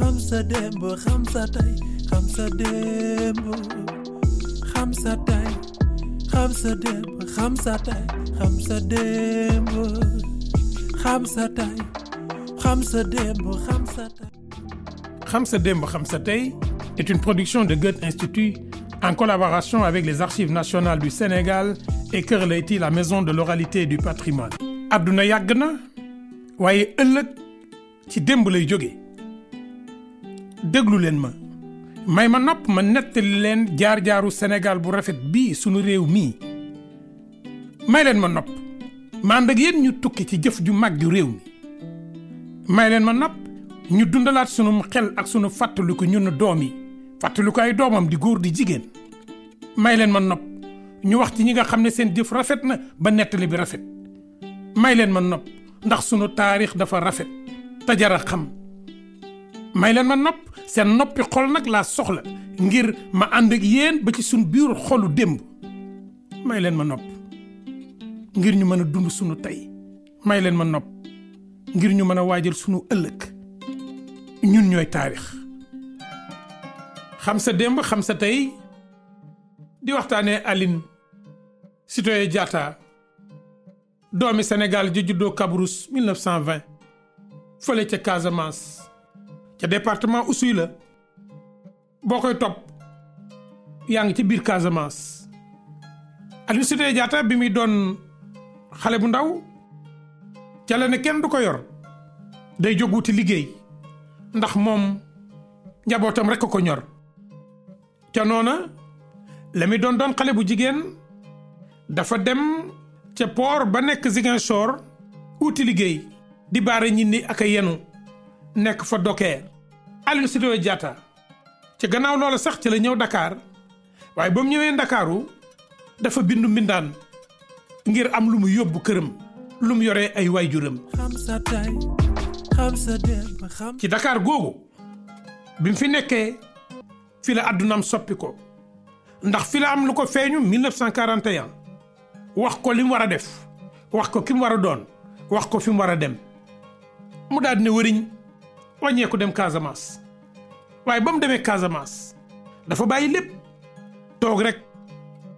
xam sa démb xam sa tey xam xam sa tey une production de Goethe Institut en collaboration avec les Archives nationales du Sénégal et Kër Leyti la maison de l'oralité et du patrimoine. àdduna yàgg na ci démb lay jóge déglu leen ma may ma nopp ma nettali leen jaar-jaaru Sénégal bu rafet bii sunu réew mii may leen ma nopp ma ànd ak yéen ñu tukki ci jëf ju mag ju réew mi may leen ma nopp ñu dundalaat sunu xel ak sunu fàttaliku ñun doom yi fàttaliku ay doomam di góor di jigéen may leen ma nopp ñu wax ci ñi nga xam ne seen jëf rafet na ba nettali bi rafet may leen ma nopp ndax sunu taarix dafa rafet te jar a xam may leen ma nopp seen noppi xol nag laa soxla ngir ma ànd ak yéen ba ci suñ biir xolu démb may leen ma nopp ngir ñu mën a dund sunu tey may leen ma nopp ngir ñu mën a waajal sunu ëllëg ñun ñooy taarix xam sa démb xam sa tey di waxtaanee Aline Sitoé Diatta doomi Sénégal ji juddoo Kabrousse 1920 fële ca Casamance ca département Oussouye la boo koy topp yaa ngi ci biir Casamance Aline Sitoé bi muy doon xale bu ndaw ca la ne kenn du ko yor day jóg wuti liggéey ndax moom njabootam rekk ko ñor ca noona la muy doon doon xale bu jigéen dafa dem ca poor ba nekk Ziguinchor wuti liggéey di baare ñit ni ak yenu nekk fa dokeer Aline Sitoé Diatta ci gannaaw loola sax ci la ñëw Dakar waaye ba mu ñëwee Ndakaaru dafa bindu mbindaan ngir am lu mu yóbbu këram lu mu yore ay waajuram ci dakaar googu bi mu fi nekkee fi la àddunaam soppi ko ndax fi la am lu ko feeñu 1941 wax ko li mu war a def wax ko ki mu war a doon wax ko fi mu war a dem mu daal ne wëriñ wàññeeku dem Casamance waaye ba mu demee Casamance dafa bàyyi lépp toog rek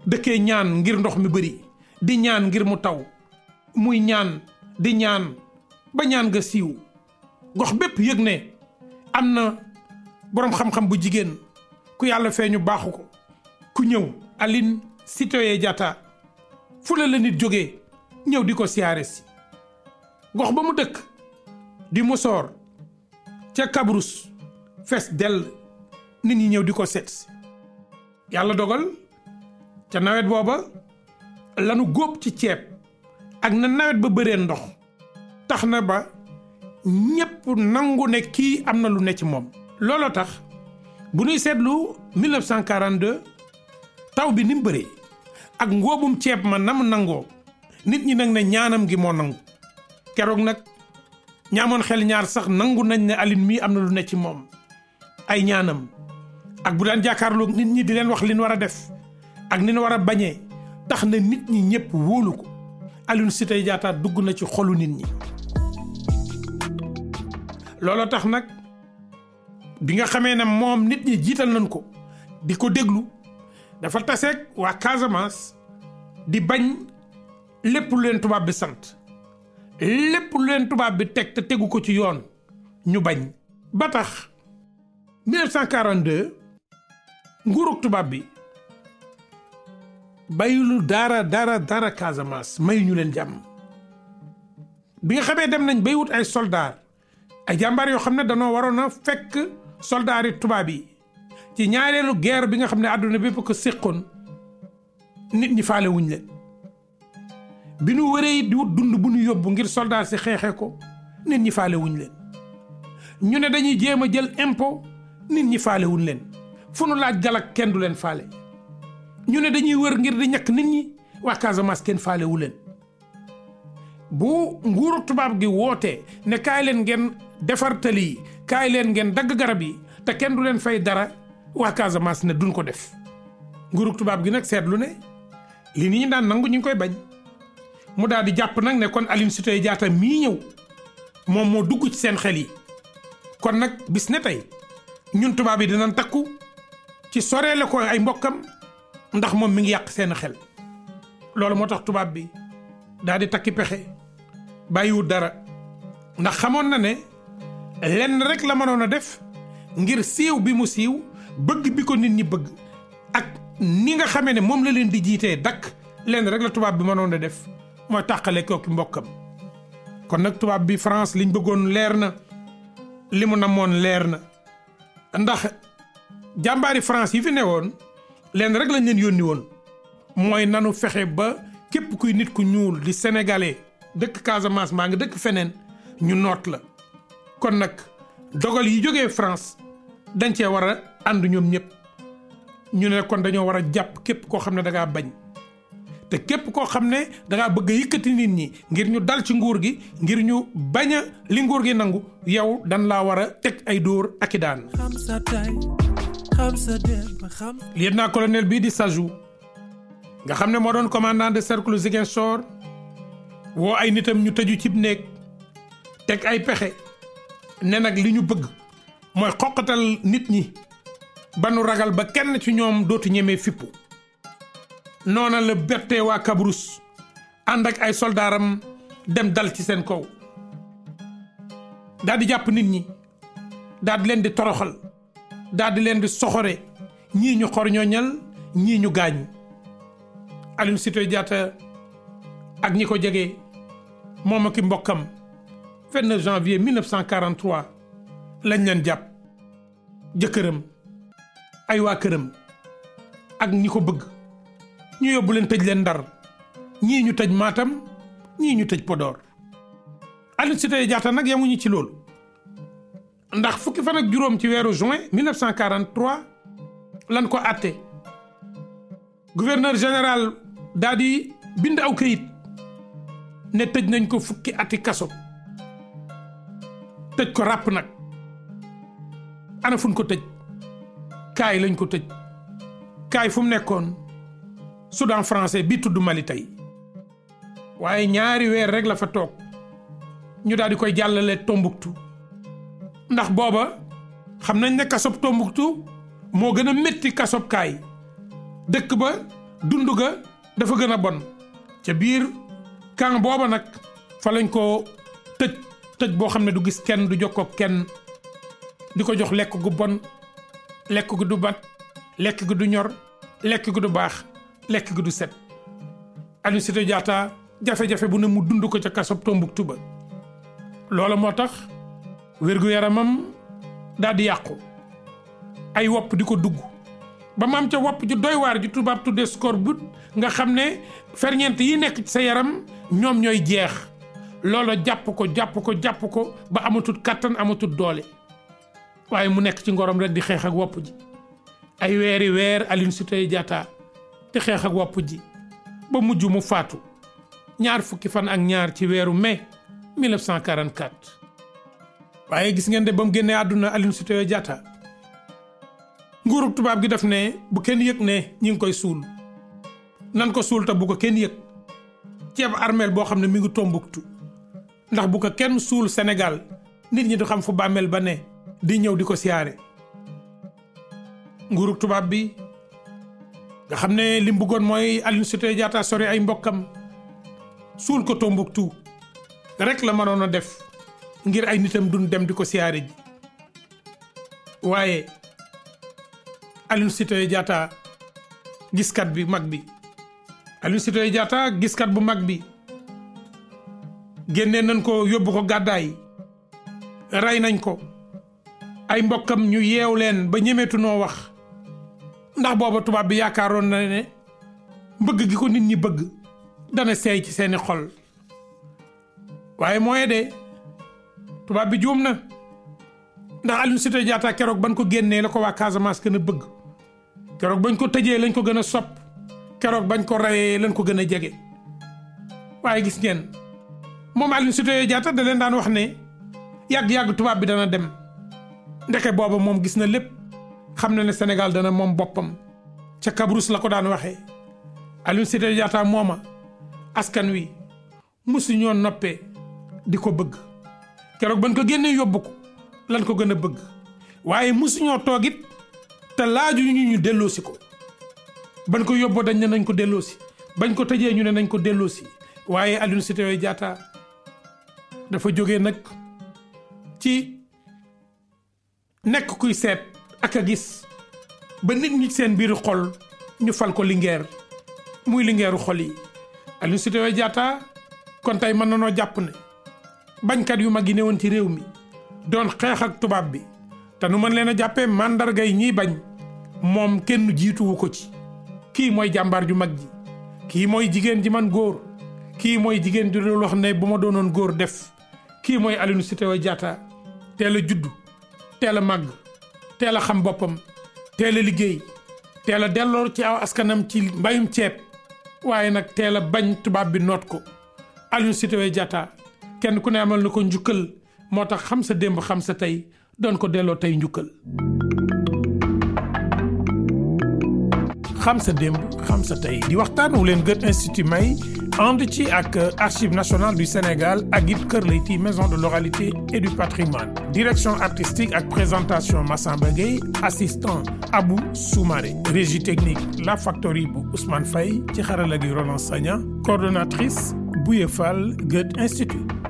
dëkkee ñaan ngir ndox mi bëri di ñaan ngir mu taw muy ñaan di ñaan ba ñaan nga siiw gox bépp yëg ne am na boroom xam-xam bu jigéen ku yàlla feeñu baaxu ko ku ñëw Aline Sitoé Diatta fu la la nit jógee ñëw di ko siyaare si gox ba mu dëkk di Mosor ca Kabrous fes dell nit ñi ñëw di ko seet yàlla dogal ca nawet booba lanu góob ci ceeb ak na nawet ba bëree ndox tax na ba ñépp nangu ne kii am na lu ne ci moom looloo tax bu nuy seetlu 1942 taw bi ni mu bëree ak ngóobum ceeb ma na nangoo nit ñi nag ne ñaanam gi moo nangu keroog nag ñi xel ñaar sax nangu nañ ne alin mii am na lu ne ci moom ay ñaanam ak bu daan jàkkaarloo nit ñi di leen wax li war a def ak ni war a bañee tax na nit ñi ñëpp wóolu ko Aline Sitoé Diatta dugg na ci xolu nit ñi. looloo tax nag bi nga xamee na moom nit ñi jiital nañ ko di ko déglu dafa taseeg waa Casamance di bañ lépp lu leen tubaab bi sant. lépp lu leen tubaab bi teg te tegu ko ci yoon ñu bañ ba tax 1942 nguurug tubaab bi bayulu dara dara dara Casamance mayu ñu leen jàmm bi nga xamee dem nañ bay wut ay soldaar ay jàmbaar yoo xam ne danoo waroon a fekk soldaar tubaab yi ci ñaareelu guerre bi nga xam ne àdduna bépp ko séqoon nit ñi faale wuñ leen bi nu wëree it dund bu ñu yóbbu ngir soldat si xeexee ko nit ñi faale wuñ leen ñu ne dañuy jéem a jël impôt nit ñi faale leen fu nu laaj galak kenn du leen faale ñu ne dañuy wër ngir di ñekk nit ñi waa Casamance kenn faalewu leen bu nguuru tubaab gi woote ne kaay leen ngeen defar yi kaay leen ngeen dagg garab yi te kenn du leen fay dara waa Casamance ne duñ ko def nguuru tubaab gi nag seetlu ne li ni ñu daan nangu ñu ngi koy bañ. mu daal di jàpp nag ne kon Aline Sitoé Diatta mii ñëw moom moo dugg ci seen xel yi kon nag bis ne tey ñun tubaab yi dinañ takku ci soreele ko ay mbokkam ndax moom mi ngi yàq seen xel loolu moo tax tubaab bi daal di takki pexe bàyyiwul dara ndax xamoon na ne lenn rek la mënoon a def ngir siiw bi mu siiw bëgg bi ko nit ñi bëgg ak ni nga xamee ne moom la leen di jiitee dakk lenn rek la tubaab bi mënoon a def mooy tàqale kooki mbokkam kon nag tubaab bi France liñ bëggoon leer na li mu namoon leer na ndax jàmbaari France yi fi ne woon leen rek lañ leen yónni woon mooy nanu fexe ba képp kuy nit ku ñuul di sénégalais dëkk Casamance maa ngi dëkk feneen ñu noot la kon nag dogal yi jógee France dañ cee war a ànd ñoom ñëpp ñu ne kon dañoo war a jàpp képp koo xam ne da bañ te képp koo xam ne danga bëgg a yëkkati nit ñi ngir ñu dal ci nguur gi ngir ñu bañ a li nguur gi nangu yow dan laa war a teg ay dóor ak i daan lieutenant colonel bii di Sajou nga xam ne moo doon commandant de cercle Ziguinchor woo ay nitam ñu tëju cib néeg teg ay pexe ne nag li ñu bëgg mooy xoqatal nit ñi ba ragal ba kenn ci ñoom dootu ñemee fippu noona la bettee waa Kabrous ànd ak ay soldaaram dem dal ci seen kaw daal di jàpp nit ñi daal di leen di toroxal daal di leen di soxore ñii ñu xor ñooñal ñii ñu gaañu Aline Sitoé ak ñi ko jege moom ak i mbokkam 29 janvier 1943 lañ leen jàpp jëkkëram ay waa këram ak ñi ko bëgg. ñu yóbbu leen tëj leen ndar ñii ñu tëj maatam ñii ñu tëj Podor Aline Sitoé Diatta nag yamuñu ci loolu ndax fukki fan ak juróom ci weeru juin 1943 lan ko àtte gouverneur général daal di bind aw këyit ne tëj nañ ko fukki ati kaso tëj ko ràpp nag ana fuñ ko tëj kaay lañ ko tëj kaay fu mu nekkoon Soudan français bi tudd Mali tey waaye ñaari weer rek la fa toog ñu daal di koy jàllale tombuktu ndax booba xam nañ ne kasob Tombouctou moo gën a métti kasob dëkk ba dund ga dafa gën a bon ca biir camp booba nag fa lañ ko tëj tëj boo xam ne du gis kenn du jokkoo kenn di ko jox lekk gu bon lekk gu du bat lekk gu du ñor lekk gu du baax lekk gi du set Aline Sitoé jafe-jafe bu ne mu dund ko ca kasob Tombouctou tuba loola moo tax wér-gu-yaramam daal di yàqu ay wopp di ko dugg ba mu ca wopp ju doy waar ju tubaab tuddee scorbut nga xam ne ferñeent yi nekk ci sa yaram ñoom ñooy jeex loola jàpp ko jàpp ko jàpp ko ba amatul kàttan amatul doole waaye mu nekk ci ngorom rek di xeex ak wopp ji ay weeri weer Aline Sitoé di xeex ak wopp ji ba mujj mu faatu ñaar fukki fan ak ñaar ci weeru mai 1944. waaye gis ngeen de ba mu génnee àdduna Aline Sitoé Diatta nguurub tubaab gi def ne bu kenn yëg ne ñi ngi koy suul nan ko suul te bu ko kenn yëg ceeb armeel boo xam ne mi ngi Tombouctou ndax bu ko kenn suul senegal nit ñi du xam fu bàmmeel ba ne di ñëw di ko siyaare nguurub tubaab bi nga xam ne lim mu bëggoon mooy Aline Sitoé Diatta sori ay mbokkam suul ko Tombouctou rek la mënoon a def ngir ay nitam dun dem di ko siyaare ji waaye Aline Sitoé giskat bi mag bi Aline Sitoé giskat bu mag bi génnee nañ ko yóbbu ko gàddaay rey nañ ko ay mbokkam ñu yeew leen ba ñemeetu noo wax ndax booba tubaab bi yaakaaroon na ne bëgg gi ko nit ñi bëgg dana seey ci seeni xol waaye mooy de tubaab bi juum na ndax Aline Sitoé Diatta keroog bañ ko génnee la ko waa Casamance gën a bëgg keroog bañ ko tëjee lañ ko gën a sopp keroog bañ ko rayee lañ ko gën a jege waaye gis ngeen moom Aline Sitoé jaata da leen daan wax ne yàgg-yàgg tubaab bi dana dem ndeke booba moom gis na lépp xam na ne Sénégal dana moom boppam ca Kabrousse la ko daan waxe Aline Sitoé Diatta mooma askan wi mosu ñoo noppee di ko bëgg keroog bañ ko génnee yóbbu ko lan ko gën a bëgg waaye mosu ñoo toog it te laaju ñu ñu delloosi ko bañ ko yóbboo dañ ne nañ ko delloosi bañ ko tëjee ñu ne nañ ko delloosi waaye Aline Sitoé Diatta dafa jógee nag ci nekk kuy seet. ak a gis ba nit ñi seen biiru xol ñu fal ko lingeer muy lingeeru xol yi Aline Sitoé Diatta kon tey mën na noo jàpp ne bañkat yu mag yi ne woon ci réew mi doon xeex ak tubaab bi te nu mën leen a jàppee mandarga yi ñiy bañ moom kenn jiituwu ko ci kii mooy jàmbaar ju mag ji kii mooy jigéen ji man góor kii mooy jigéen ji loolu wax ne bu ma doonoon góor def kii mooy Aline Sitoé Diatta teel a juddu teel a màgg teel a xam boppam teela liggéey teel a delloo ci aw askanam ci mbayum ceeb waaye nag teel a bañ tubaab bi noot ko Aline Sitoé Diatta kenn ku ne amal na ko njukkal moo tax xam sa démb xam sa tey doon ko delloo tey njukkal. xam sa démb xam sa tey di waxtaan wu leen may. ànd ci ak Archives national du Sénégal ak it Kër Leyti maison de l'oralité et du patrimoine direction artistique ak présentation Massamba Gueye assistant Abou Soumaré régie technique La Factory bu Ousmane Faye ci xarala gi Roland Sagna coordonnatrice Bouye Institut